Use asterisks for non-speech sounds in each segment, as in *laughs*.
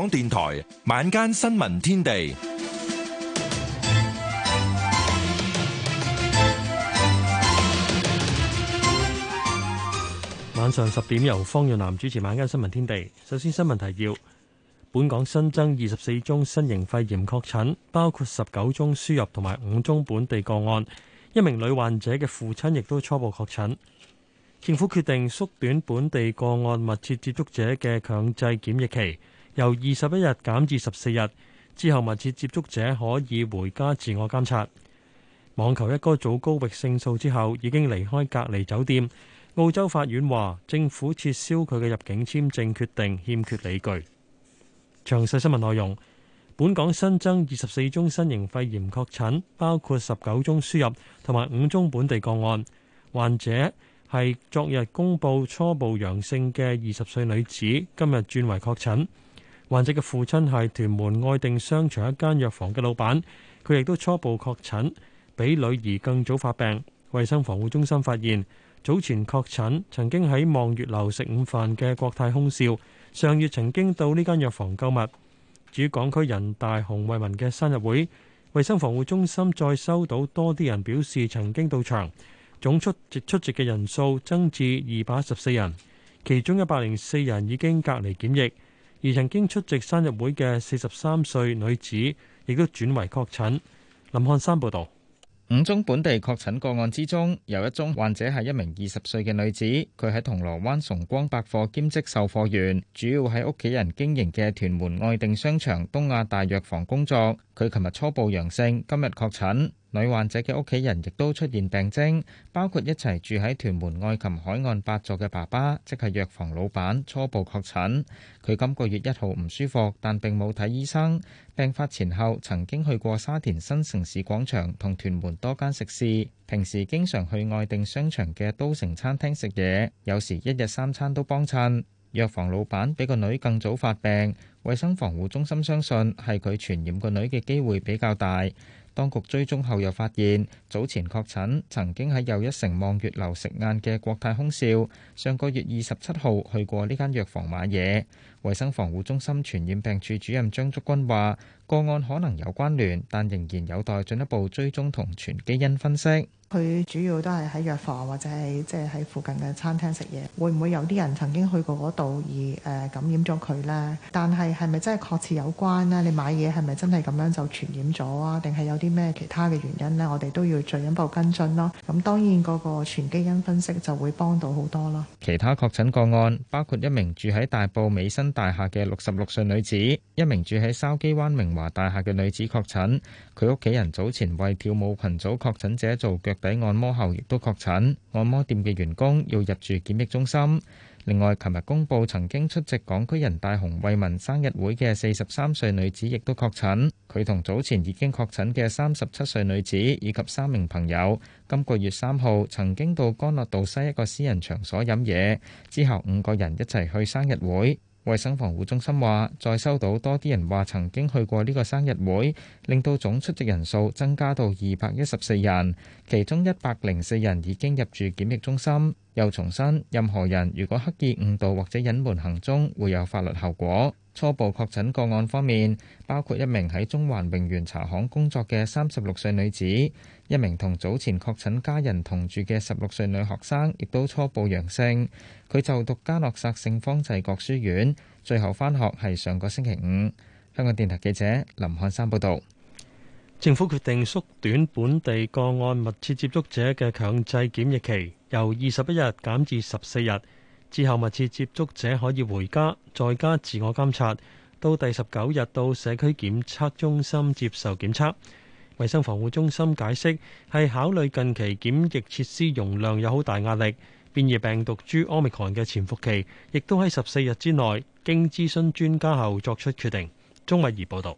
港電台晚間新聞天地，晚上十點由方潤南主持晚間新聞天地。首先新聞提要：本港新增二十四宗新型肺炎確診，包括十九宗輸入同埋五宗本地個案，一名女患者嘅父親亦都初步確診。政府決定縮短本地個案密切接觸者嘅強制檢疫期。由二十一日減至十四日，之後密切接觸者可以回家自我監察。網球一哥祖高域勝訴之後已經離開隔離酒店。澳洲法院話政府撤銷佢嘅入境簽證決定，欠缺理據。詳細新聞內容，本港新增二十四宗新型肺炎確診，包括十九宗輸入同埋五宗本地個案。患者係昨日公布初步陽性嘅二十歲女子，今日轉為確診。患者嘅父親係屯門愛定商場一間藥房嘅老闆，佢亦都初步確診，比女兒更早發病。衛生防護中心發現，早前確診曾經喺望月樓食午飯嘅國泰空少，上月曾經到呢間藥房購物。至於港區人大洪為民嘅生日會，衛生防護中心再收到多啲人表示曾經到場，總出席出席嘅人數增至二百一十四人，其中一百零四人已經隔離檢疫。而曾經出席生日會嘅四十三歲女子，亦都轉為確診。林漢山報道：五宗本地確診個案之中，有一宗患者係一名二十歲嘅女子，佢喺銅鑼灣崇光百貨兼職售貨員，主要喺屋企人經營嘅屯門愛定商場東亞大藥房工作。佢琴日初步陽性，今日確診。女患者嘅屋企人亦都出現病徵，包括一齊住喺屯門愛琴海岸八座嘅爸爸，即係藥房老闆初步確診。佢今個月一號唔舒服，但並冇睇醫生。病發前後曾經去過沙田新城市廣場同屯門多間食肆，平時經常去愛定商場嘅都城餐廳食嘢，有時一日三餐都幫襯。藥房老闆比個女更早發病，衛生防護中心相信係佢傳染個女嘅機會比較大。當局追蹤後又發現，早前確診、曾經喺又一城望月樓食晏嘅國泰空少，上個月二十七號去過呢間藥房買嘢。衛生防護中心傳染病處主任張竹君話：個案可能有關聯，但仍然有待進一步追蹤同全基因分析。佢主要都係喺藥房或者係即係喺附近嘅餐廳食嘢，會唔會有啲人曾經去過嗰度而誒感染咗佢呢？但係係咪真係確切有關呢？你買嘢係咪真係咁樣就傳染咗啊？定係有啲咩其他嘅原因呢？我哋都要進一步跟進咯。咁當然嗰個全基因分析就會幫到好多咯。其他確診個案包括一名住喺大埔美新大廈嘅六十六歲女子，一名住喺筲箕灣明華大廈嘅女子確診。佢屋企人早前為跳舞群組確診者做腳。.俾按摩後亦都確診，按摩店嘅員工要入住檢疫中心。另外，琴日公布曾經出席港區人大洪為民生日會嘅四十三歲女子，亦都確診，佢同早前已經確診嘅三十七歲女子以及三名朋友，今個月三號曾經到干諾道西一個私人場所飲嘢，之後五個人一齊去生日會。衛生防護中心話，再收到多啲人話曾經去過呢個生日會，令到總出席人數增加到二百一十四人，其中一百零四人已經入住檢疫中心。又重申，任何人如果刻意誤導或者隱瞞行蹤，會有法律後果。初步確診個案方面，包括一名喺中環榮源茶行工作嘅三十六歲女子，一名同早前確診家人同住嘅十六歲女學生，亦都初步陽性。佢就讀嘉諾撒聖方濟各書院，最後返學係上個星期五。香港電台記者林漢山報導。政府決定縮短本地個案密切接觸者嘅強制檢疫期，由二十一日減至十四日。之後密切接觸者可以回家，在家自我監察，到第十九日到社區檢測中心接受檢測。衛生防護中心解釋係考慮近期檢疫設施容量有好大壓力，變異病毒株 Omicron 嘅潛伏期亦都喺十四日之內，經諮詢專家後作出決定。鐘偉儀報導。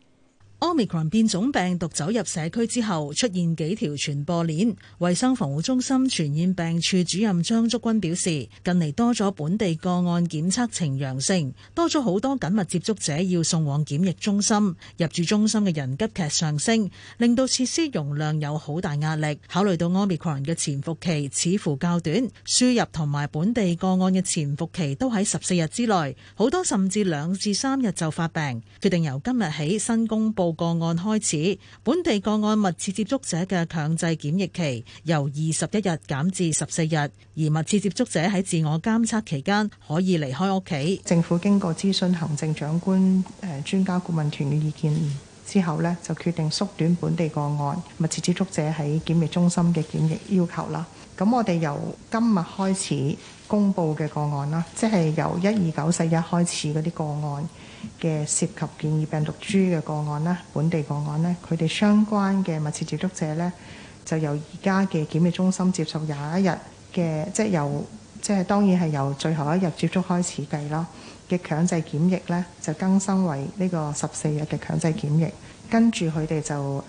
奧密克戎變種病毒走入社區之後，出現幾條傳播鏈。衛生防護中心傳染病處主任張竹君表示：近嚟多咗本地個案檢測呈陽性，多咗好多緊密接觸者要送往檢疫中心，入住中心嘅人急劇上升，令到設施容量有好大壓力。考慮到 Omicron 嘅潛伏期似乎較短，輸入同埋本地個案嘅潛伏期都喺十四日之內，好多甚至兩至三日就發病。決定由今日起新公布個案開始，本地個案密切接觸者嘅強制檢疫期由二十一日減至十四日，而密切接觸者喺自我監測期間可以離開屋企。政府經過諮詢行政長官誒專家顧問團嘅意見之後呢，就決定縮短本地個案密切接觸者喺檢疫中心嘅檢疫要求啦。咁我哋由今日開始公布嘅個案啦，即係由一、二、九、四、一開始嗰啲個案。嘅涉及建議病毒株嘅個案咧，本地個案呢，佢哋相關嘅密切接觸者呢，就由而家嘅檢疫中心接受廿一日嘅，即係由即係當然係由最後一日接觸開始計咯嘅強制檢疫呢，就更新為呢個十四日嘅強制檢疫，跟住佢哋就誒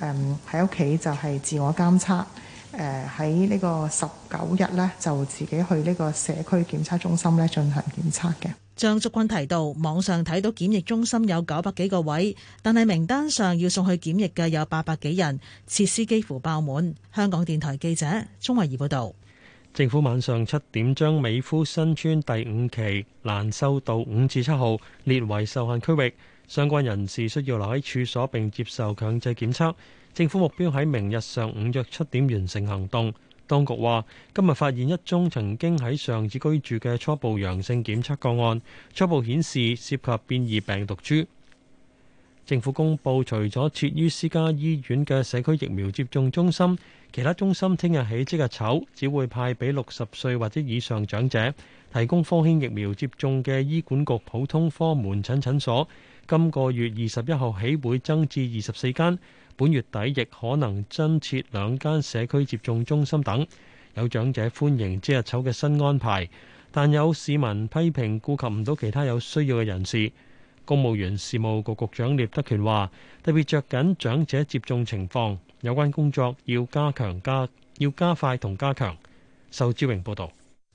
喺屋企就係自我監測，誒喺呢個十九日呢，就自己去呢個社區檢測中心呢進行檢測嘅。張竹君提到，網上睇到檢疫中心有九百幾個位，但係名單上要送去檢疫嘅有八百幾人，設施幾乎爆滿。香港電台記者鍾慧儀報道，政府晚上七點將美孚新村第五期蘭秀道五至七號列為受限區域，相關人士需要留喺處所並接受強制檢測。政府目標喺明日上午約七點完成行動。當局話，今日發現一宗曾經喺上址居住嘅初步陽性檢測個案，初步顯示涉及變異病毒株。政府公布，除咗設於私家醫院嘅社區疫苗接種中心，其他中心聽日起即日籌，只會派俾六十歲或者以上長者提供科興疫苗接種嘅醫管局普通科門診診所，今個月二十一號起會增至二十四間。本月底亦可能增設兩間社區接種中心等，有長者歡迎即日籌嘅新安排，但有市民批評顧及唔到其他有需要嘅人士。公務員事務局局長聶德權話，特別著緊長者接種情況，有關工作要加強加要加快同加強。受志榮報道。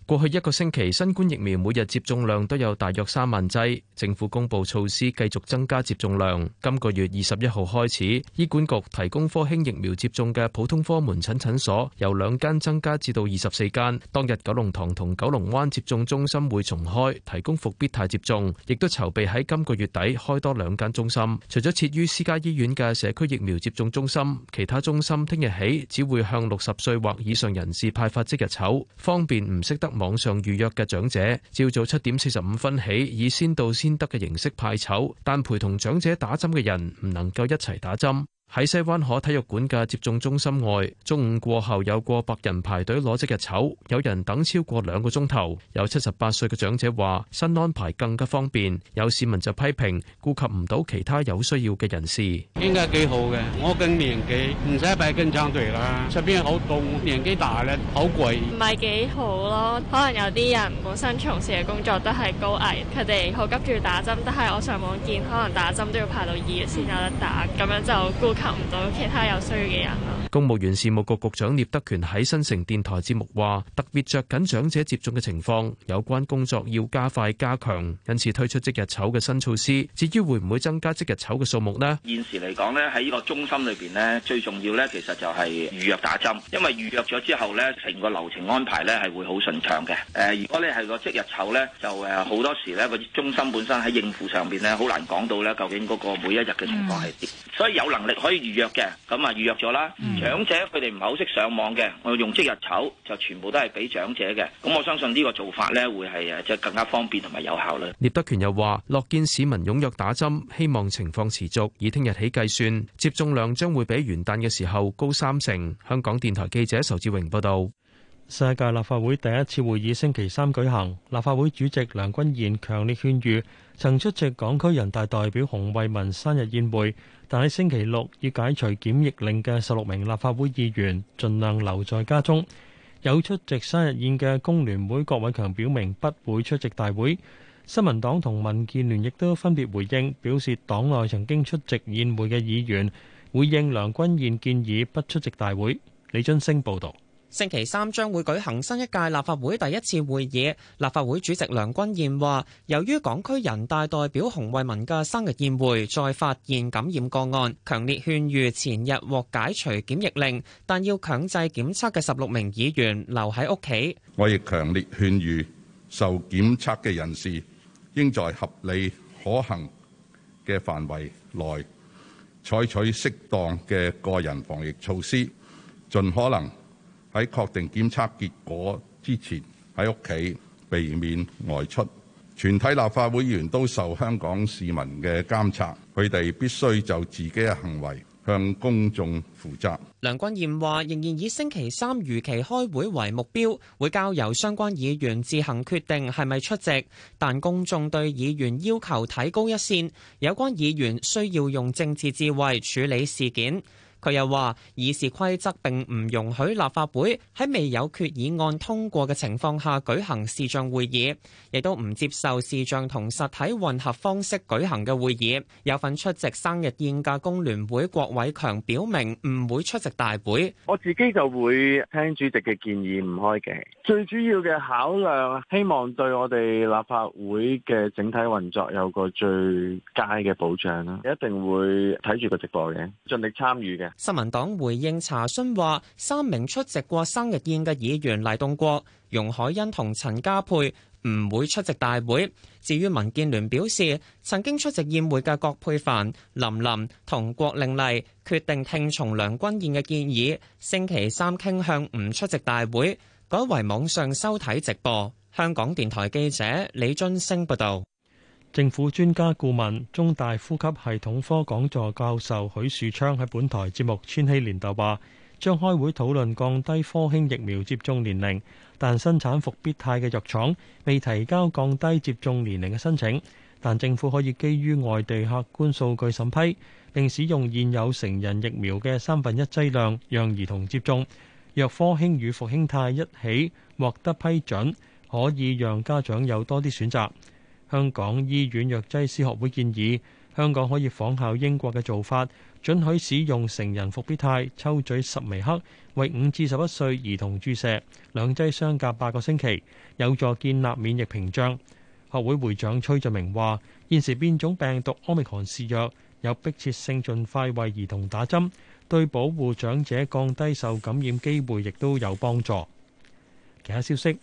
過去一個星期，新冠疫苗每日接種量都有大約三萬劑。政府公布措施，繼續增加接種量。今個月二十一號開始，醫管局提供科興疫苗接種嘅普通科門診診所由兩間增加至到二十四間。當日九龍塘同九龍灣接種中心會重開，提供復必泰接種，亦都籌備喺今個月底開多兩間中心。除咗設於私家醫院嘅社區疫苗接種中心，其他中心聽日起只會向六十歲或以上人士派發即日籌，方便唔識得網上預約嘅長者，朝早七點四十五分起，以先到先得嘅形式派籌，但陪同長者打針嘅人唔能夠一齊打針。喺西灣河體育館嘅接種中心外，中午過後有過百人排隊攞即日籌，有人等超過兩個鐘頭。有七十八歲嘅長者話：新安排更加方便。有市民就批評顧及唔到其他有需要嘅人士。應該幾好嘅，我咁年紀唔使排咁長隊啦。出邊好凍，年紀大咧好貴。唔係幾好咯，可能有啲人本身從事嘅工作都係高危，佢哋好急住打針。但係我上網見，可能打針都要排到二月先有得打，咁樣就顧。及唔到其他有需要嘅人咯。公務員事務局局長聶德權喺新城電台節目話：特別著緊長者接種嘅情況，有關工作要加快加強，因此推出即日籌嘅新措施。至於會唔會增加即日籌嘅數目呢？現時嚟講咧，喺呢個中心裏邊咧，最重要咧，其實就係預約打針，因為預約咗之後咧，成個流程安排咧係會好順暢嘅。誒，如果你係個即日籌咧，就誒好多時咧，個中心本身喺應付上邊咧，好難講到咧，究竟嗰個每一日嘅情況係點。所以有能力可以預約嘅，咁啊預約咗啦。嗯、長者佢哋唔係好識上網嘅，我用即日籌，就全部都係俾長者嘅。咁我相信呢個做法咧，會係誒即係更加方便同埋有效率。聶德權又話，樂見市民踊躍打針，希望情況持續，以聽日起計算，接種量將會比元旦嘅時候高三成。香港電台記者仇志榮報道。世界立法會第一次會議星期三舉行，立法會主席梁君彥強烈勸喻，曾出席港區人大代表洪為民生日宴會，但喺星期六要解除檢疫令嘅十六名立法會議員，盡量留在家中。有出席生日宴嘅工聯會郭偉強表明不會出席大會，新民黨同民建聯亦都分別回應，表示黨內曾經出席宴會嘅議員，會應梁君彥建議不出席大會。李津升報導。星期三將會舉行新一屆立法會第一次會議。立法會主席梁君彥話，由於港區人大代表洪慧文嘅生日宴會，再發現感染個案，強烈勸喻前日獲解除檢疫令，但要強制檢測嘅十六名議員留喺屋企。我亦強烈勸喻，受檢測嘅人士，應在合理可行嘅範圍內，採取適當嘅個人防疫措施，盡可能喺確定檢測結果之前，喺屋企避免外出。全體立法會議員都受香港市民嘅監察，佢哋必須就自己嘅行為向公眾負責。梁君彥話：仍然以星期三如期開會為目標，會交由相關議員自行決定係咪出席。但公眾對議員要求提高一線，有關議員需要用政治智慧處理事件。佢又話：議事規則並唔容許立法會喺未有決議案通過嘅情況下舉行視像會議，亦都唔接受視像同實體混合方式舉行嘅會議。有份出席生日宴嘅工聯會郭偉強表明唔會出席大會。我自己就會聽主席嘅建議，唔開嘅。最主要嘅考量，希望對我哋立法會嘅整體運作有個最佳嘅保障啦。一定會睇住個直播嘅，盡力參與嘅。新民黨回應查詢話：三名出席過生日宴嘅議員黎棟國、容海恩同陳家珮唔會出席大會。至於民建聯表示，曾經出席宴會嘅葛珮帆、林琳同郭玲麗決定聽從梁君彥嘅建議，星期三傾向唔出席大會，改為網上收睇直播。香港電台記者李俊升報導。政府專家顧問、中大呼吸系統科講座教授許樹昌喺本台節目《千禧年代》就話，將開會討論降低科興疫苗接種年齡，但生產復必泰嘅藥廠未提交降低接種年齡嘅申請，但政府可以基於外地客觀數據審批，並使用現有成人疫苗嘅三分一劑量讓兒童接種。若科興與復必泰一起獲得批准，可以讓家長有多啲選擇。香港醫院藥劑師學會建議，香港可以仿效英國嘅做法，准許使用成人復必泰抽取十微克，為五至十一歲兒童注射，兩劑相隔八個星期，有助建立免疫屏障。學會會長崔俊明話：現時變種病毒奧密克戎肆虐有迫切性，盡快為兒童打針，對保護長者、降低受感染機會，亦都有幫助。其他消息。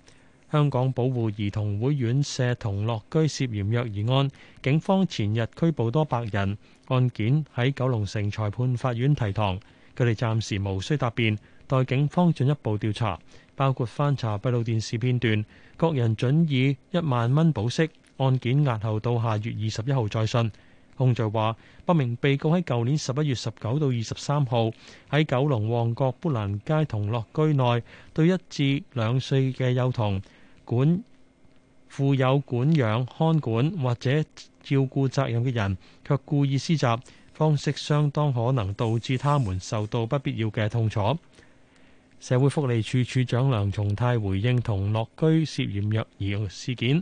香港保護兒童會院舍同樂居涉嫌虐兒案，警方前日拘捕多百人。案件喺九龍城裁判法院提堂，佢哋暫時無需答辯，待警方進一步調查，包括翻查閉路電視片段。各人准以一萬蚊保釋，案件押後到下月二十一號再訊。控罪話，不明被告喺舊年十一月十九到二十三號喺九龍旺角砵蘭街同樂居內對一至兩歲嘅幼童。管負有管養看管或者照顧責任嘅人，卻故意施襲方式相當可能導致他們受到不必要嘅痛楚。社會福利署署長梁從泰回應童樂居涉嫌虐兒事件，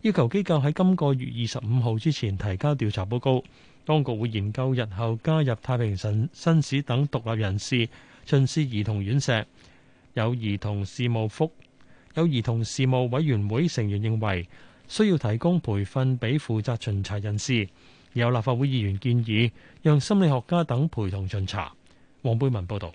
要求機構喺今個月二十五號之前提交調查報告。當局會研究日後加入太平紳士等獨立人士，進施兒童院舍有兒童事務。福。有兒童事務委員會成員認為需要提供培訓俾負責巡查人士，有立法會議員建議讓心理學家等陪同巡查。黃貝文報導。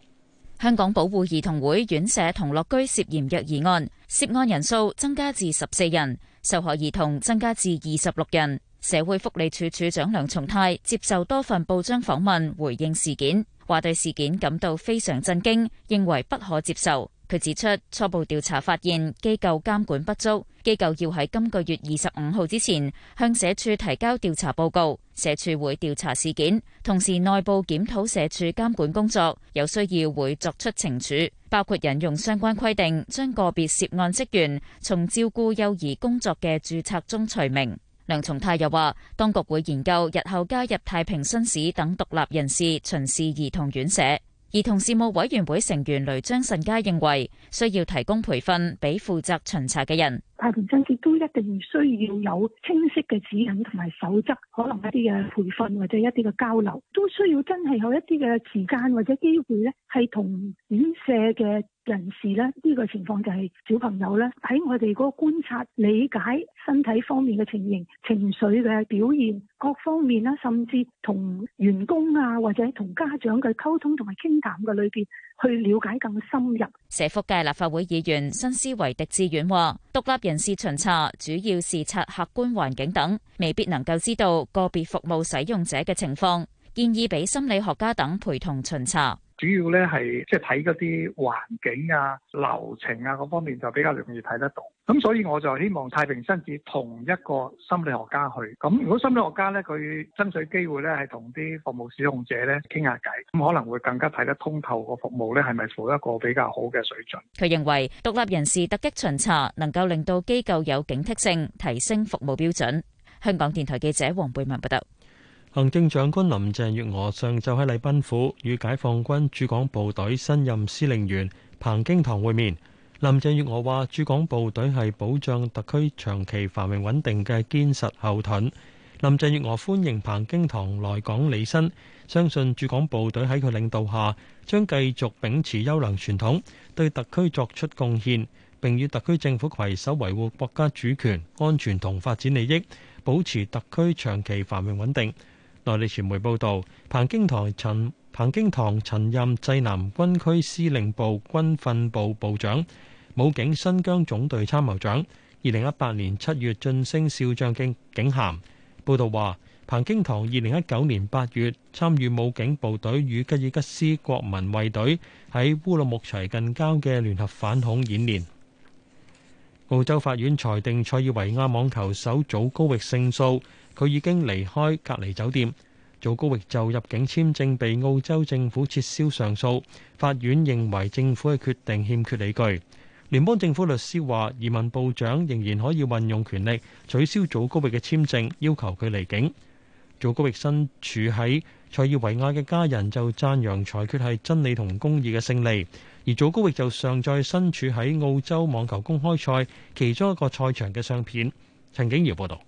香港保護兒童會院舍同樂居涉嫌虐兒案，涉案人數增加至十四人，受害兒童增加至二十六人。社會福利署署長梁松泰接受多份報章訪問，回應事件，話對事件感到非常震驚，認為不可接受。佢指出，初步調查發現機構監管不足，機構要喺今個月二十五號之前向社署提交調查報告，社署會調查事件，同時內部檢討社署監管工作，有需要會作出懲處，包括引用相關規定，將個別涉案職員從照顧幼兒工作嘅註冊中除名。梁從泰又話，當局會研究日後加入太平紳士等獨立人士巡視兒童院舍。兒童事務委員會成員雷張慎佳認為，需要提供培訓俾負責巡查嘅人。太平紳士都一定需要有清晰嘅指引同埋守則，可能一啲嘅培訓或者一啲嘅交流，都需要真係有一啲嘅時間或者機會咧，係同院舍嘅。人士呢，呢個情況就係小朋友咧喺我哋嗰個觀察理解身體方面嘅情形，情緒嘅表現各方面啦，甚至同員工啊或者同家長嘅溝通同埋傾談嘅裏邊去了解更深入。社福界立法會議員新思維狄志遠話，獨立人士巡查主要視察客觀環境等，未必能夠知道個別服務使用者嘅情況，建議俾心理學家等陪同巡查。主要咧係即係睇嗰啲環境啊、流程啊嗰方面就比較容易睇得到。咁所以我就希望太平紳士同一個心理學家去。咁如果心理學家咧，佢爭取機會咧係同啲服務使用者咧傾下偈，咁可能會更加睇得通透個服務咧係咪負一個比較好嘅水準，佢認為獨立人士突擊巡查能夠令到機構有警惕性，提升服務標準。香港電台記者黃貝文報道。行政長官林鄭月娥上晝喺禮賓府與解放軍駐港部隊新任司令員彭京堂會面。林鄭月娥話：駐港部隊係保障特區長期繁榮穩定嘅堅實後盾。林鄭月娥歡迎彭京堂來港履新，相信駐港部隊喺佢領導下，將繼續秉持優良傳統，對特區作出貢獻，並與特區政府攜手維護國家主權、安全同發展利益，保持特區長期繁榮穩定。內地傳媒報導，彭京堂曾彭京堂曾任濟南軍區司令部軍訓部部長、武警新疆總隊參謀長，二零一八年七月晉升少將嘅警銜。報導話，彭京堂二零一九年八月參與武警部隊與吉爾吉斯國民衛隊喺烏魯木齊近郊嘅聯合反恐演練。澳洲法院裁定，塞爾維亞網球手祖高域勝訴。佢已經離開隔離酒店。祖高域就入境簽證被澳洲政府撤銷上訴，法院認為政府嘅決定欠缺理據。聯邦政府律師話，移民部長仍然可以運用權力取消祖高域嘅簽證，要求佢離境。祖高域身處喺塞爾維亞嘅家人就讚揚裁決係真理同公義嘅勝利，而祖高域就尚在身處喺澳洲網球公開賽其中一個賽場嘅相片。陳景遙報道。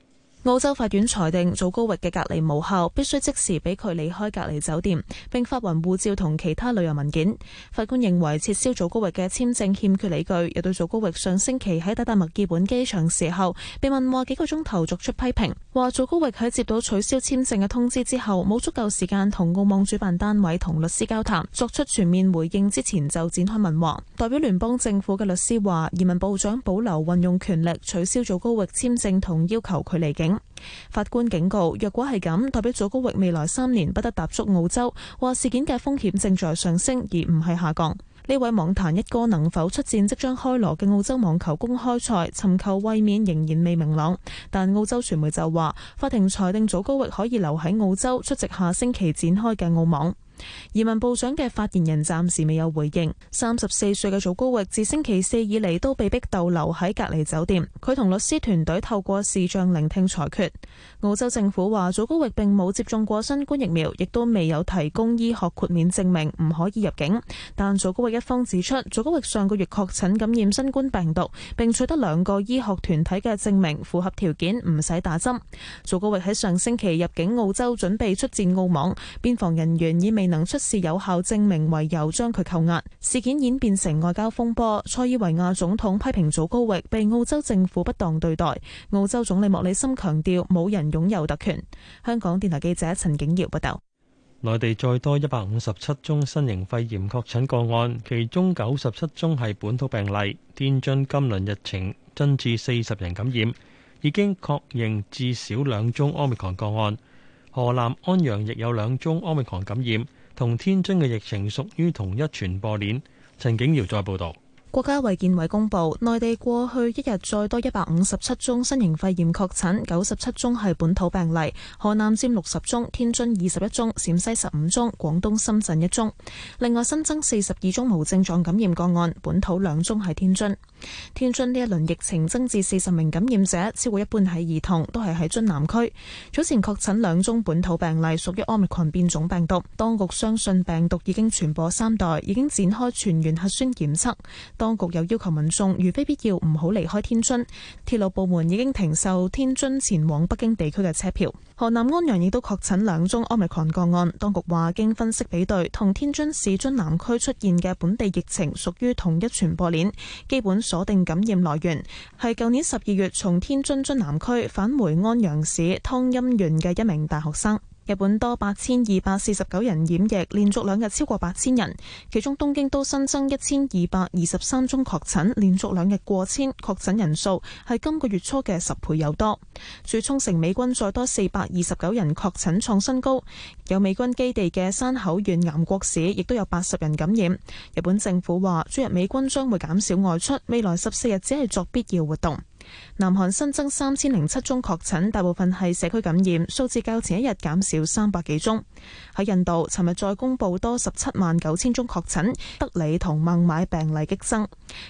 澳洲法院裁定祖高域嘅隔離無效，必須即時俾佢離開隔離酒店，並發還護照同其他旅遊文件。法官認為撤銷祖高域嘅簽證欠缺理據，又對祖高域上星期喺抵達墨爾本機場時候被問話幾個鐘頭作出批評，話祖高域喺接到取消簽證嘅通知之後冇足夠時間同澳網主辦單位同律師交談，作出全面回應之前就展開問話。代表聯邦政府嘅律師話，移民部長保留運用權力取消祖高域簽證同要求佢離境。法官警告：若果係咁，代表祖高域未來三年不得踏足澳洲，話事件嘅風險正在上升，而唔係下降。呢位網壇一哥能否出戰即將開鑼嘅澳洲網球公開賽，尋求衛冕仍然未明朗。但澳洲傳媒就話，法庭裁定祖高域可以留喺澳洲出席下星期展開嘅澳網。移民部長嘅發言人暫時未有回應。三十四歲嘅祖高域自星期四以嚟都被逼逗留喺隔離酒店。佢同律師團隊透過視像聆聽裁決。澳洲政府話祖高域並冇接種過新冠疫苗，亦都未有提供醫學豁免證明，唔可以入境。但祖高域一方指出，祖高域上個月確診感染新冠病毒，並取得兩個醫學團體嘅證明，符合條件唔使打針。祖高域喺上星期入境澳洲，準備出戰澳網。邊防人員已未能出示有效證明為由將佢扣押，事件演變成外交風波。塞爾維亞總統批評祖高域被澳洲政府不當對待，澳洲總理莫里森強調冇人擁有特權。香港電台記者陳景耀報道：內地再多一百五十七宗新型肺炎確診個案，其中九十七宗係本土病例。天津今輪疫情增至四十人感染，已經確認至少兩宗奧密克戎個案。河南安陽亦有兩宗奧密克戎感染。同天津嘅疫情屬於同一傳播鏈。陳景姚再報道，國家衛健委公布，內地過去一日再多一百五十七宗新型肺炎確診，九十七宗係本土病例，河南佔六十宗，天津二十一宗，陝西十五宗，廣東深圳一宗。另外新增四十二宗無症狀感染個案，本土兩宗係天津。天津呢一輪疫情增至四十名感染者，超過一半喺兒童，都係喺津南區，早前確診兩宗本土病例，屬於奧密克戎變種病毒。當局相信病毒已經傳播三代，已經展開全員核酸檢測。當局又要求民眾如非必要唔好離開天津。鐵路部門已經停售天津前往北京地區嘅車票。河南安陽亦都確診兩宗奧密克戎個案，當局話經分析比對，同天津市津南區出現嘅本地疫情屬於同一傳播鏈，基本鎖定感染來源，係舊年十二月從天津津南區返回安陽市湯陰縣嘅一名大學生。日本多八千二百四十九人染疫，連續兩日超過八千人，其中東京都新增一千二百二十三宗確診，連續兩日過千確診人數係今個月初嘅十倍有多。駐沖繩美軍再多四百二十九人確診創新高，有美軍基地嘅山口縣岩國市亦都有八十人感染。日本政府話，駐日美軍將會減少外出，未來十四日只係作必要活動。南韓新增三千零七宗確診，大部分係社區感染，數字較前一日減少三百幾宗。喺印度，尋日再公布多十七萬九千宗確診，德里同孟買病例激增。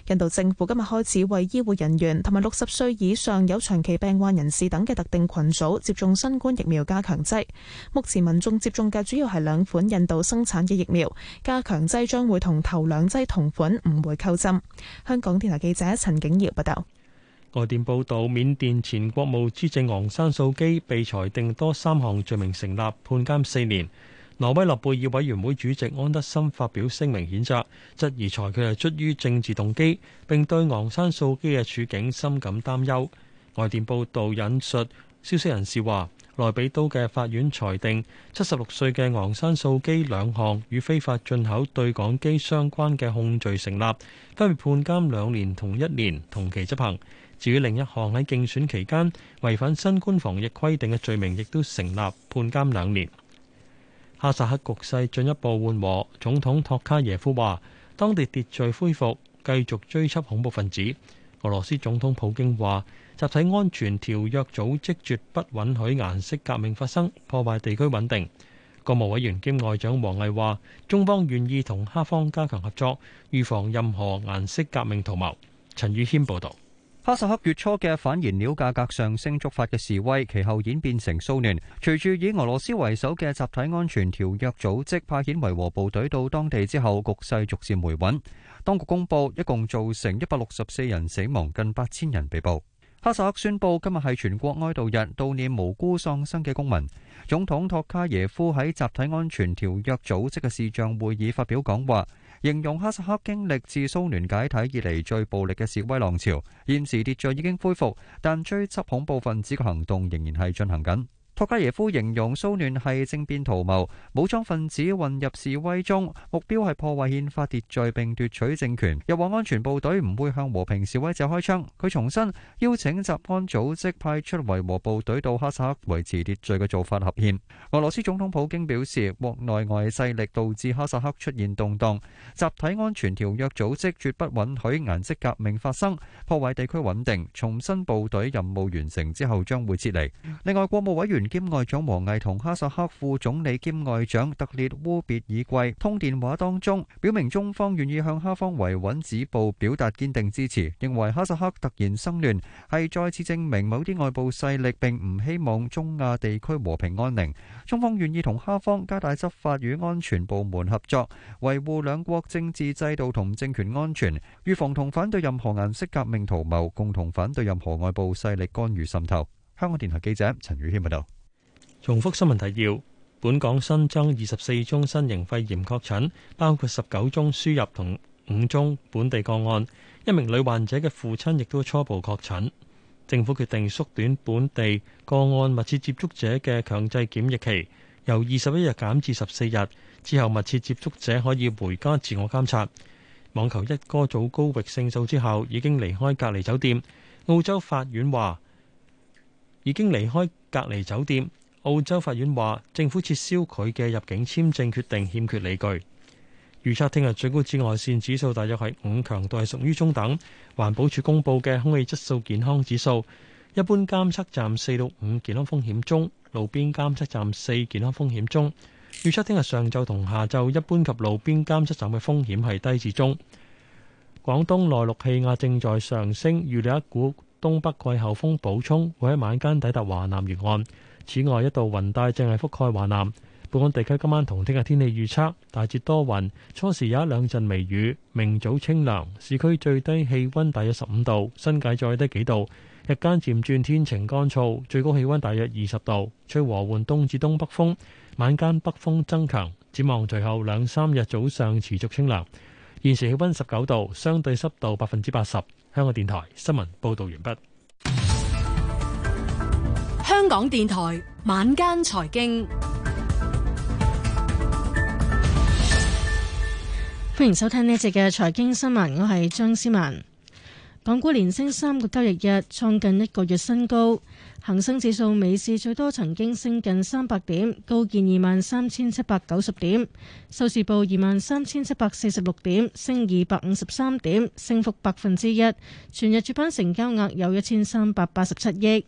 印度政府今日開始為醫護人員同埋六十歲以上有長期病患人士等嘅特定群組接種新冠疫苗加強劑。目前民眾接種嘅主要係兩款印度生產嘅疫苗，加強劑將會同頭兩劑同款，唔會溝針。香港電台記者陳景堯報道。外電報道，緬甸前國務資政昂山素基被裁定多三項罪名成立，判監四年。挪威諾貝爾委員會主席安德森發表聲明譴責，質疑裁決係出於政治動機，並對昂山素基嘅處境深感擔憂。外電報道引述消息人士話，內比都嘅法院裁定，七十六歲嘅昂山素基兩項與非法進口對講機相關嘅控罪成立，分別判監兩年同一年，同期執行。至於另一項喺競選期間違反新冠防疫規定嘅罪名，亦都成立，判監兩年。哈薩克局勢進一步緩和，總統托卡耶夫話：當地秩序恢復，繼續追緝恐怖分子。俄羅斯總統普京話：集體安全條約組織絕不允許顏色革命發生，破壞地區穩定。國務委員兼外長王毅話：中方願意同哈方加強合作，預防任何顏色革命圖謀。陳宇軒報導。哈薩克月初嘅反燃料價格上升觸發嘅示威，其後演變成騷亂。隨住以俄羅斯為首嘅集體安全條約組織派遣維和部隊到當地之後，局勢逐漸回穩。當局公佈一共造成一百六十四人死亡，近八千人被捕。哈薩克宣布今日係全國哀悼日，悼念無辜喪生嘅公民。總統托卡耶夫喺集體安全條約組織嘅視像會議發表講話。形容哈薩克經歷自蘇聯解體以嚟最暴力嘅示威浪潮，現時秩序已經恢復，但追緝恐怖分子嘅行動仍然係進行緊。托加耶夫形容騷亂係政變圖謀，武裝分子混入示威中，目標係破壞憲法秩序並奪取政權。又話安全部隊唔會向和平示威者開槍，佢重申邀請集安組織派出維和部隊到哈薩克維持秩序嘅做法合憲。俄羅斯總統普京表示，國內外勢力導致哈薩克出現動蕩，集體安全條約組織絕不允許顏色革命發生，破壞地區穩定。重申部隊任務完成之後將會撤離，另外，國務委員。兼外長王毅同哈薩克副總理兼外長特列烏別爾季通電話當中，表明中方願意向哈方維穩止暴表達堅定支持，認為哈薩克突然生亂係再次證明某啲外部勢力並唔希望中亞地區和平安寧。中方願意同哈方加大執法與安全部門合作，維護兩國政治制度同政權安全，預防同反對任何顏色革命圖謀，共同反對任何外部勢力干預滲透。香港電台記者陳宇謙報道。重複新聞提要：本港新增二十四宗新型肺炎確診，包括十九宗輸入同五宗本地個案。一名女患者嘅父親亦都初步確診。政府決定縮短本地個案密切接觸者嘅強制檢疫期，由二十一日減至十四日。之後密切接觸者可以回家自我監察。網球一哥祖高域勝訴之後，已經離開隔離酒店。澳洲法院話已經離開隔離酒店。澳洲法院話，政府撤銷佢嘅入境簽證決定欠缺理據。預測聽日最高紫外綫指數大約係五，強度係屬於中等。環保署公布嘅空氣質素健康指數，一般監測站四到五，健康風險中；路邊監測站四，健康風險中。預測聽日上晝同下晝，一般及路邊監測站嘅風險係低至中。廣東內陸氣壓正在上升，預料一股東北季候風補充會喺晚間抵達華南沿岸。此外，一道雲帶正係覆蓋華南。本港地區今晚同聽日天氣預測，大致多雲，初時有一兩陣微雨，明早清涼，市區最低氣温大約十五度，新界再低幾度。日間漸轉天晴乾燥，最高氣温大約二十度，吹和緩東至東北風，晚間北風增強。展望隨後兩三日早上持續清涼。現時氣温十九度，相對濕度百分之八十。香港電台新聞報導完畢。香港電台晚間財經，歡迎收聽呢一節嘅財經新聞。我係張思文。港股連升三個交易日，創近一個月新高。恒生指數尾市最多曾經升近三百點，高見二萬三千七百九十點。收市報二萬三千七百四十六點，升二百五十三點，升幅百分之一。全日主板成交額有一千三百八十七億。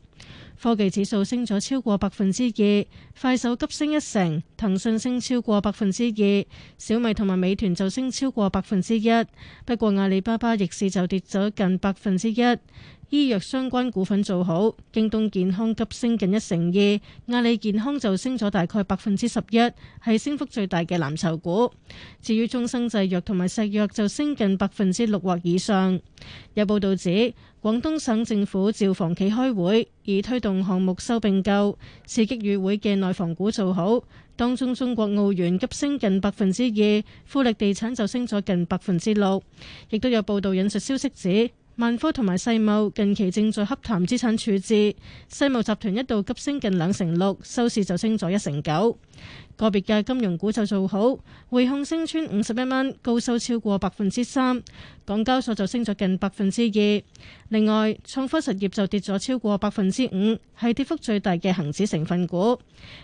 科技指數升咗超過百分之二，快手急升一成，騰訊升超過百分之二，小米同埋美團就升超過百分之一，不過阿里巴巴逆市就跌咗近百分之一。醫藥相關股份做好，京東健康急升近一成二，阿里健康就升咗大概百分之十一，係升幅最大嘅藍籌股。至於中生製藥同埋石藥就升近百分之六或以上。有報道指，廣東省政府召房企開會，以推動項目收併購，刺激與會嘅內房股做好。當中中國奧園急升近百分之二，富力地產就升咗近百分之六。亦都有報道引述消息指，萬科同埋世茂近期正在洽談資產處置，世茂集團一度急升近兩成六，收市就升咗一成九。個別嘅金融股就做好，匯控升穿五十一蚊，高收超過百分之三。港交所就升咗近百分之二。另外，創科實業就跌咗超過百分之五，係跌幅最大嘅恒指成分股。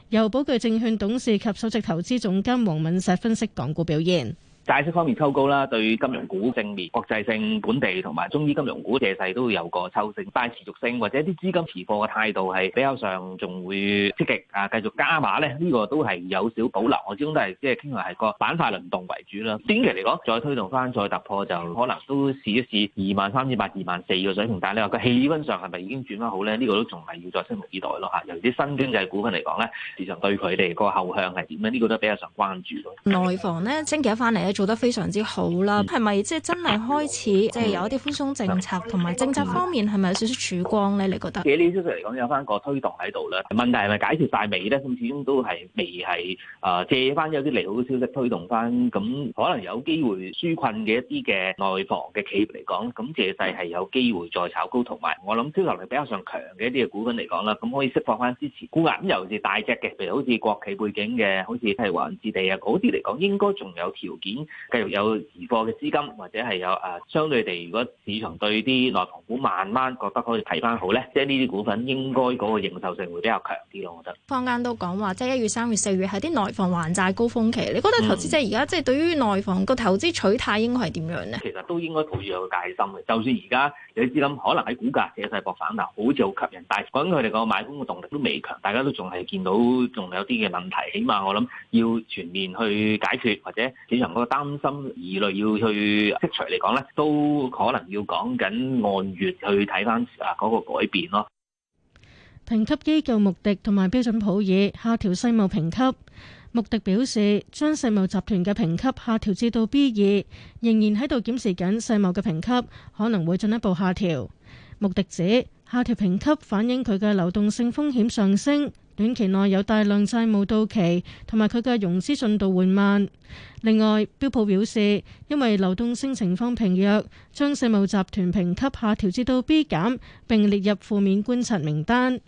由寶巨證券董事及首席投資總監黃敏石分析港股表現。債息方面抽高啦，對金融股正面，國際性、本地同埋中資金融股借勢都會有個抽升，但係持續性或者啲資金持貨嘅態度係比較上仲會積極啊，繼續加碼咧，呢個都係有少保留。我始終都係即係傾向係個板塊輪動為主啦。短期嚟講，再推動翻再突破就可能都試一試二萬三千八、二萬四個水平，但你話個氣氛上係咪已經轉翻好咧？呢個都仲係要再拭目以待咯嚇。尤其啲新經濟股份嚟講咧，市場對佢哋個後向係點咧？呢個都比較上關注。內房咧，星期一翻嚟做得非常之好啦，係咪即係真係開始即係有一啲寬鬆政策同埋、嗯、政策方面係咪有少少曙光咧？你覺得？呢啲消息嚟講有翻個推動喺度啦，問題係咪解決晒未咧？咁始終都係未係啊借翻有啲利好消息推動翻，咁可能有機會紓困嘅一啲嘅內房嘅企業嚟講，咁借勢係有機會再炒高，同埋我諗銷售能力比較上強嘅一啲嘅股份嚟講啦，咁可以釋放翻支持股壓。咁尤其是大隻嘅，譬如好似國企背景嘅，好似譬如華潤置地啊嗰啲嚟講，應該仲有條件。繼續有移貨嘅資金，或者係有誒、啊、相對地，如果市場對啲內房股慢慢覺得可以睇翻好咧，即係呢啲股份應該嗰個認受性會比較強啲咯，我覺得。坊間都講話，即係一月、三月、四月係啲內房還債高峰期，你覺得投資者而家即係對於內房個投資取態應該係點樣咧？嗯、其實都應該保持有戒心嘅，就算而家。你知諗可能喺股價嘅細博反彈，好似好吸引，但係講緊佢哋個買盤嘅動力都未強，大家都仲係見到仲有啲嘅問題，起碼我諗要全面去解決，或者市場嗰個擔心疑慮要去剔除嚟講咧，都可能要講緊按月去睇翻啊嗰個改變咯。評級機構穆迪同埋標準普爾下調西貿評級。穆迪表示，將世茂集團嘅評級下調至到 B 二，仍然喺度檢視緊世茂嘅評級可能會進一步下調。穆迪指下調評級反映佢嘅流動性風險上升，短期內有大量債務到期，同埋佢嘅融資進度緩慢。另外，標普表示，因為流動性情況平弱，將世茂集團評級下調至到 B 減，並列入負面觀察名單。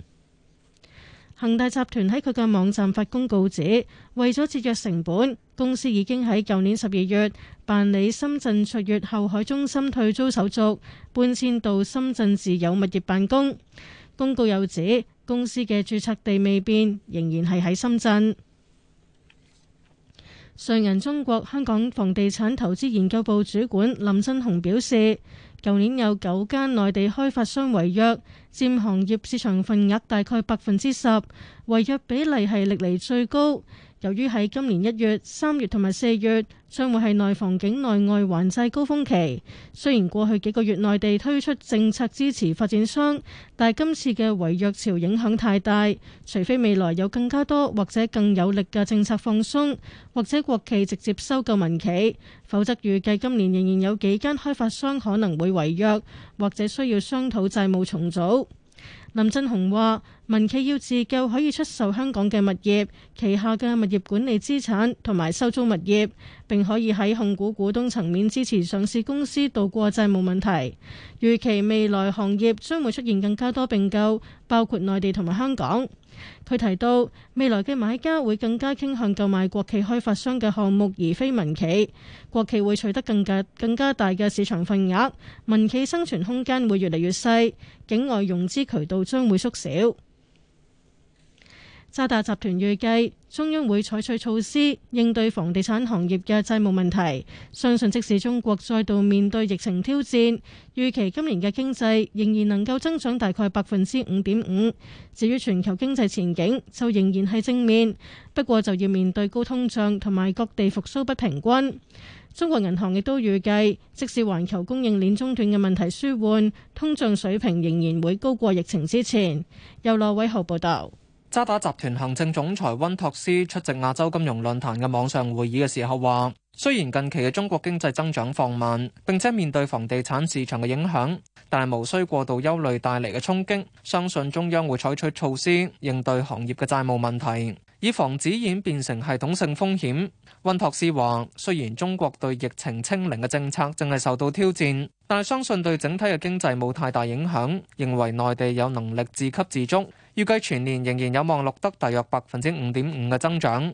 恒大集團喺佢嘅網站發公告指，為咗節約成本，公司已經喺舊年十二月辦理深圳卓越後海中心退租手續，搬遷到深圳自有物業辦公。公告又指，公司嘅註冊地未變，仍然係喺深圳。瑞銀中國香港房地產投資研究部主管林振雄表示，舊年有九間內地開發商違約，占行業市場份額大概百分之十，違約比例係歷嚟最高。由於喺今年一月、三月同埋四月，將會係內房境內外還債高峰期。雖然過去幾個月內地推出政策支持發展商，但係今次嘅違約潮影響太大。除非未來有更加多或者更有力嘅政策放鬆，或者國企直接收購民企，否則預計今年仍然有幾間開發商可能會違約，或者需要商討債務重組。林振雄話，民企要自救可以出售香港嘅物業，旗下嘅物業管理資產同埋收租物業，並可以喺控股股東層面支持上市公司渡過債務問題。預期未來行業將會出現更加多併購，包括內地同埋香港。佢提到，未來嘅買家會更加傾向購買國企開發商嘅項目，而非民企。國企會取得更加更加大嘅市場份額，民企生存空間會越嚟越細，境外融資渠道將會縮小。渣打集團預計中央會採取措施應對房地產行業嘅債務問題。相信即使中國再度面對疫情挑戰，預期今年嘅經濟仍然能夠增長大概百分之五點五。至於全球經濟前景就仍然係正面，不過就要面對高通脹同埋各地復蘇不平均。中國銀行亦都預計，即使環球供應鏈中斷嘅問題舒緩，通脹水平仍然會高過疫情之前。由羅偉豪報道。渣打集團行政總裁温托斯出席亞洲金融論壇嘅網上會議嘅時候話：雖然近期嘅中國經濟增長放慢，並且面對房地產市場嘅影響，但係無需過度憂慮帶嚟嘅衝擊。相信中央會採取措施應對行業嘅債務問題，以防止演變成系統性風險。温托斯話：雖然中國對疫情清零嘅政策正係受到挑戰，但係相信對整體嘅經濟冇太大影響，認為內地有能力自給自足。預計全年仍然有望錄得大約百分之五點五嘅增長。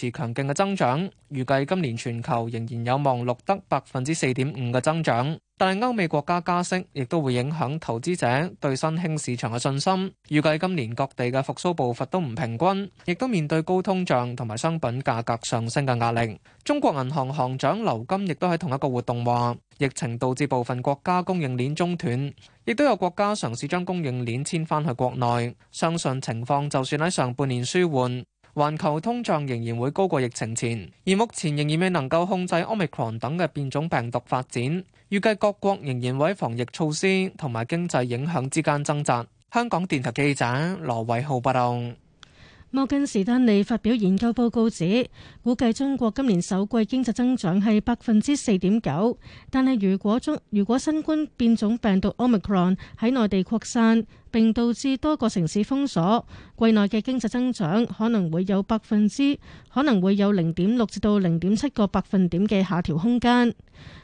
持強勁嘅增長，預計今年全球仍然有望錄得百分之四點五嘅增長。但係歐美國家加息，亦都會影響投資者對新興市場嘅信心。預計今年各地嘅復甦步伐都唔平均，亦都面對高通脹同埋商品價格上升嘅壓力。中國銀行行長劉金亦都喺同一個活動話，疫情導致部分國家供應鏈中斷，亦都有國家嘗試將供應鏈遷返去國內。相信情況就算喺上半年舒緩。環球通脹仍然會高過疫情前，而目前仍然未能夠控制 Omicron 等嘅變種病毒發展。預計各國仍然會防疫措施同埋經濟影響之間掙扎。香港電台記者羅偉浩報道。摩根士丹利發表研究報告指，估計中國今年首季經濟增長係百分之四點九，但係如果中如果新冠變種病毒 Omicron 喺內地擴散，並導致多個城市封鎖，季內嘅經濟增長可能會有百分之可能會有零點六至到零點七個百分點嘅下調空間。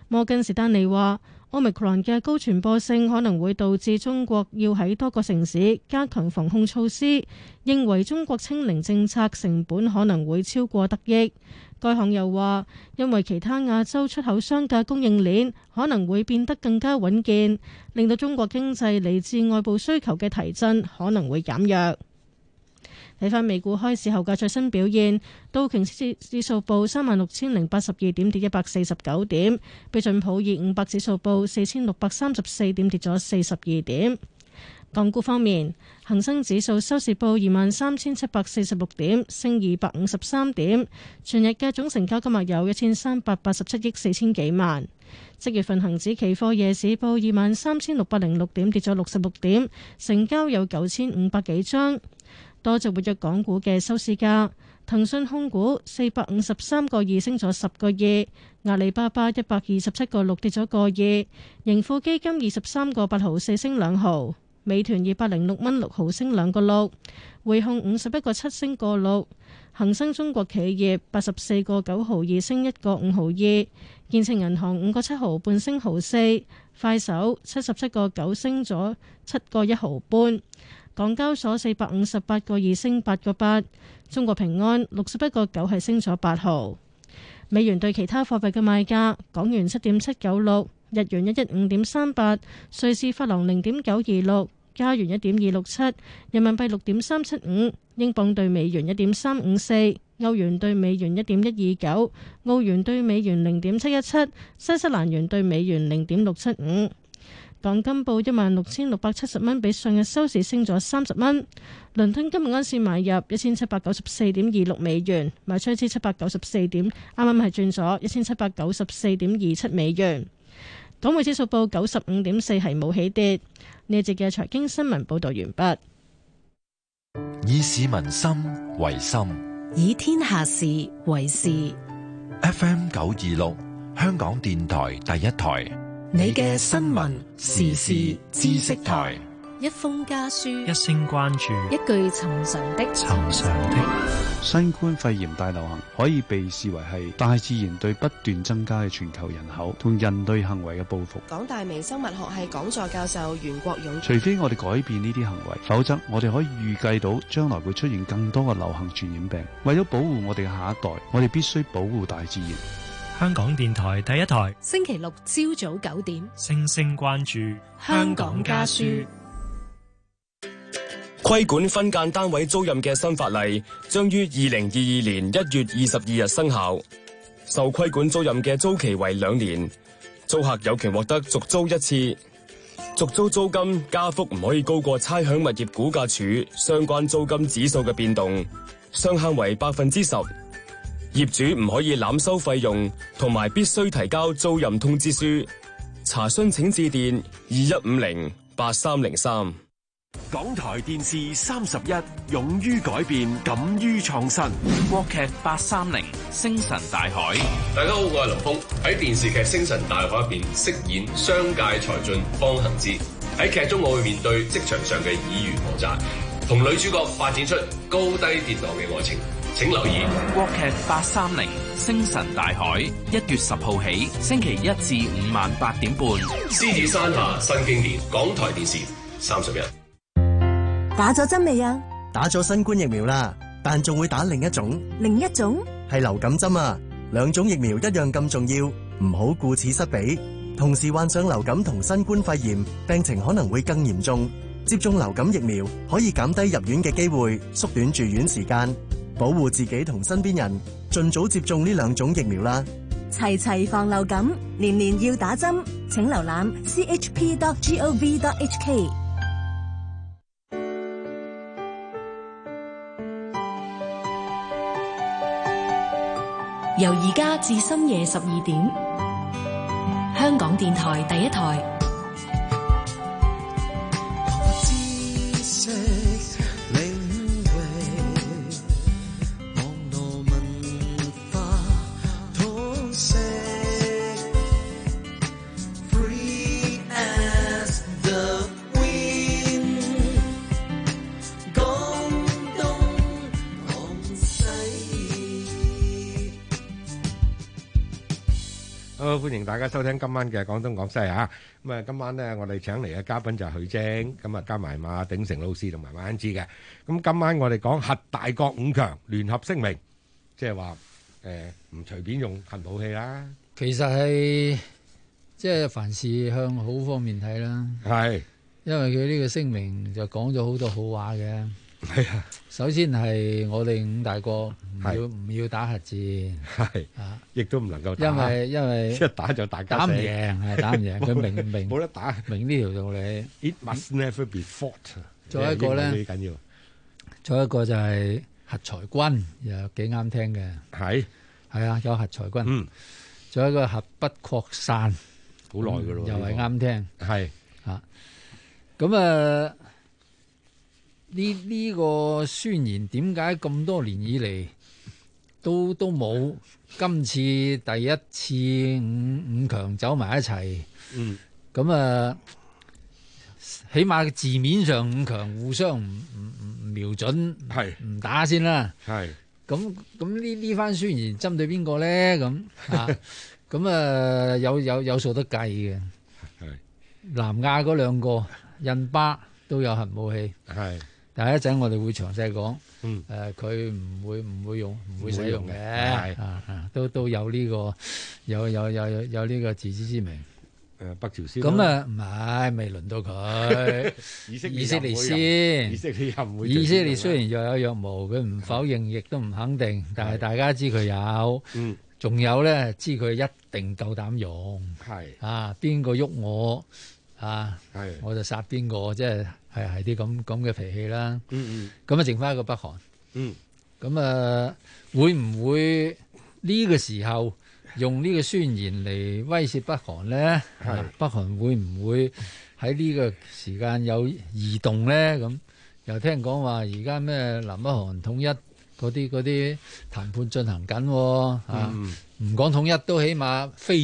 摩根士丹利話：Omicron 嘅高傳播性可能會導致中國要喺多個城市加強防控措施，認為中國清零政策成本可能會超過得益。該行又話，因為其他亞洲出口商嘅供應鏈可能會變得更加穩健，令到中國經濟嚟自外部需求嘅提振可能會減弱。睇返美股開市後嘅最新表現，道瓊指數報三萬六千零八十二點，跌一百四十九點；標準普爾五百指數報四千六百三十四點，跌咗四十二點。港股方面，恒生指數收市報二萬三千七百四十六點，升二百五十三點。全日嘅總成交今日有一千三百八十七億四千幾萬。七月份恒指期貨夜市報二萬三千六百零六點，跌咗六十六點，成交有九千五百幾張。多隻活躍港股嘅收市價，騰訊控股四百五十三個二升咗十個二，阿里巴巴一百二十七個六跌咗個二，盈富基金二十三個八毫四升兩毫，美團二百零六蚊六毫升兩個六，匯控五十一個七升個六，恒生中國企業八十四個九毫二升一個五毫二，建設銀行五個七毫半升毫四，快手七十七個九升咗七個一毫半。港交所四百五十八個二升八個八，中國平安六十一個九係升咗八毫。美元對其他貨幣嘅賣價：港元七點七九六，日元一一五點三八，瑞士法郎零點九二六，加元一點二六七，人民幣六點三七五，英鎊兌美元一點三五四，歐元兌美元一點一二九，澳元兌美元零點七一七，新西蘭元兌美元零點六七五。港金報一萬六千六百七十蚊，比上日收市升咗三十蚊。倫敦金今日晏市買入一千七百九十四點二六美元，賣出一千七百九十四點，啱啱係轉咗一千七百九十四點二七美元。港匯指數報九十五點四，係冇起跌。呢一節嘅財經新聞報道完畢。以市民心為心，以天下事為事。嗯、FM 九二六，香港電台第一台。你嘅新聞時事知識臺，一封家書，一聲關注，一句尋常的尋常的新冠肺炎大流行，可以被視為係大自然對不斷增加嘅全球人口同人類行為嘅報復。港大微生物學系講座教授袁國勇：除非我哋改變呢啲行為，否則我哋可以預計到將來會出現更多嘅流行傳染病。為咗保護我哋嘅下一代，我哋必須保護大自然。香港電台第一台，星期六朝早九點，星星關注香港家書。規管分間單位租賃嘅新法例將於二零二二年一月二十二日生效。受規管租賃嘅租期為兩年，租客有權獲得續租一次。續租租金加幅唔可以高過差餉物業估價署相關租金指數嘅變動，上限為百分之十。業主唔可以濫收費用，同埋必須提交租賃通知書。查詢請致電二一五零八三零三。港台電視三十一，勇於改變，敢於創新。國劇八三零，星辰大海。大家好，我係林峰，喺電視劇《星辰大海》入面飾演商界才俊方行之。喺劇中我會面對職場上嘅爾虞我詐，同女主角發展出高低跌宕嘅愛情。請留意。國劇八三零《星辰大海》，一月十號起，星期一至五晚八點半。獅子山下新經典，港台電視三十一。打咗針未啊？打咗新冠疫苗啦，但仲會打另一種。另一種係流感針啊。兩種疫苗一樣咁重要，唔好顧此失彼。同時患上流感同新冠肺炎，病情可能會更嚴重。接種流感疫苗可以減低入院嘅機會，縮短住院時間。保護自己同身邊人，盡早接種呢兩種疫苗啦！齊齊防流感，年年要打針，請瀏覽 chp.gov.hk。由而家至深夜十二點，香港電台第一台。歡迎大家收聽今晚嘅廣東講西吓，咁啊今晚咧我哋請嚟嘅嘉賓就係許晶，咁啊加埋馬鼎盛老師同埋馬恩志嘅，咁今晚我哋講核大國五強聯合聲明，即係話誒唔隨便用核武器啦。其實係即係凡事向好方面睇啦。係，因為佢呢個聲明就講咗好多好話嘅。係啊！首先係我哋五大國，唔要唔要打核戰？係啊，亦都唔能夠，因為因為一打就大家打唔贏，係打唔贏。佢明唔明？冇得打，明呢條道理。It must never be fought。仲有一個咧，最緊要，仲有一個就係核裁軍，又幾啱聽嘅。係係啊，有核裁軍。嗯，仲有一個核不擴散，好耐噶咯，又係啱聽。係啊，咁啊。呢呢個宣言點解咁多年以嚟都都冇？今次第一次五五強走埋一齊，嗯，咁啊，起碼字面上五強互相唔唔唔瞄準，係唔是打先啦，係是。咁咁呢呢番宣言針對邊個咧？咁 *laughs* 啊，咁啊有有有數得計嘅，係是南亞嗰兩個印巴都有核武器，係是。但一陣我哋會詳細講，誒佢唔會唔會用唔會使用嘅、嗯啊，都都有呢、這個有有有有有呢個自知之明。誒、呃、北朝鮮咁啊，唔係、啊、未輪到佢， *laughs* 以色列先，以色列又雖然又有若無，佢唔否認亦都唔肯定，但係大家知佢有，仲、嗯、有咧知佢一定夠膽用，係的啊邊個喐我啊，我就殺邊個，即、啊、係。係係啲咁咁嘅脾氣啦，咁啊、嗯嗯、剩翻一個北韓，咁啊、嗯、會唔會呢個時候用呢個宣言嚟威脅北韓咧是、啊？北韓會唔會喺呢個時間有移動咧？咁又聽講話而家咩南北韓統一嗰啲嗰啲談判進行緊喎、啊，唔、啊、講、嗯、統一都起碼非。